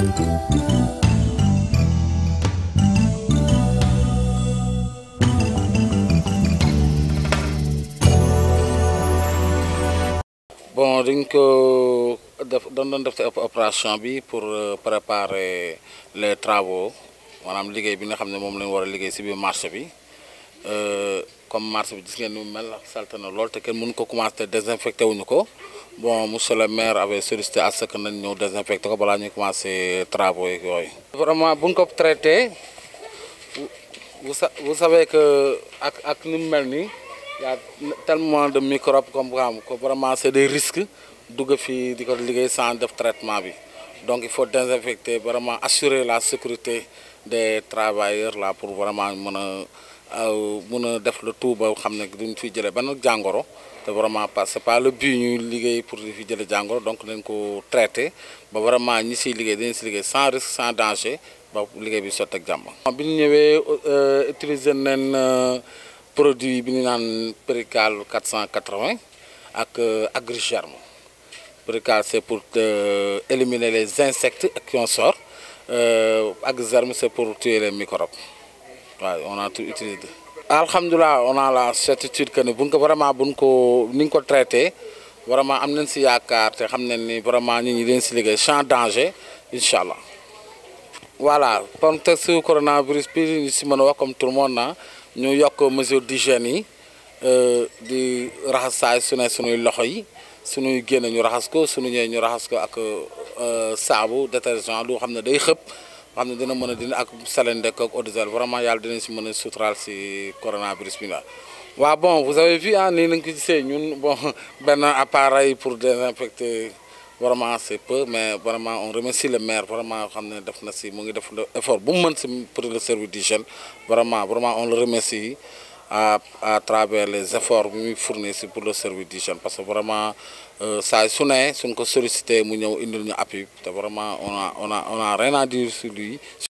bon dañ ko def doon doon def opération bi pour euh, préparer les travaux maanaam liggéey bi nga xam ne moom lañu war a liggéey si biir marché bi euh, comme marché bi gis ngeen ni mu mel salte na lool te kenn mënu ko commencé te désinfecté wuñu ko bon monsieur le maire avait sollicité à ce que nañ ñëw désinfecté ko balaa ñuy commencé travaux yeeg yooyu. vraiment buñ ko traité vous sa vous savez que ak ak ni mu mel ni y a tellement de microbes comme xam ko vraiment c'est des risques du fii di ko liggéey sans def traitement bi donc il faut désinfecter vraiment assurer la sécurité des travailleurs la pour vraiment mën mun a def le tout ba xam ne duñ fi jëlee benn jàngoro te vraiment parce que c'est le but ñuy liggéey pour di fi jële jàngoro donc nañ ko traité ba vraiment ñi siy liggéey dañu si liggéey sans risque sans danger ba liggéey bi sotti ak jàmm. bi ñu ñëwee euh, utiliser nañ euh, produits bi ñu naan Perical 480 ak euh, Agrigerme Perical c'est pour éliminer les insectes ak qui en sort Agrigerme c'est pour tuer les microbes. waaw on a tout utilisé. alhamdulilah on a la certitude que ne buñ ko vraiment buñ ko ni ñu ko traité vraiment am nañ si yaakaar te xam nañ ni vraiment nit ñi dañ si liggéey sans danger incha allah. voilà contexte coronavirus bi ñu si mën a wax comme tout le monde na ñu yokk mesure d'hygiène yi euh, di raxas saay sune ne sunuy loxo yi sunuy génne ñu raxas ko sunu ñëwee ñu raxas ko ak euh, saabu détergent lu xam ne day xëpp. xam ne dina mën a dina ak saleen dëkk ak auditeurs vraiment yàlla dinañ si mën a suturaal si coronavirus bi la waaw bon vous avez vu ah nii nañ ko gisee ñun bon benn appareil pour désinfecter vraiment c'est peu mais vraiment on remercie le maire vraiment xam ne def na si mu ngi def effort bu mu mën si pour le service d'hygiène vraiment vraiment on le remercie à à travers les efforts muy fournir si pour le service di d'hygiène parce que vraiment euh, saa su nee suñ ko sollicité mu ñëw indil ñu appui te vraiment on a on a on a rien à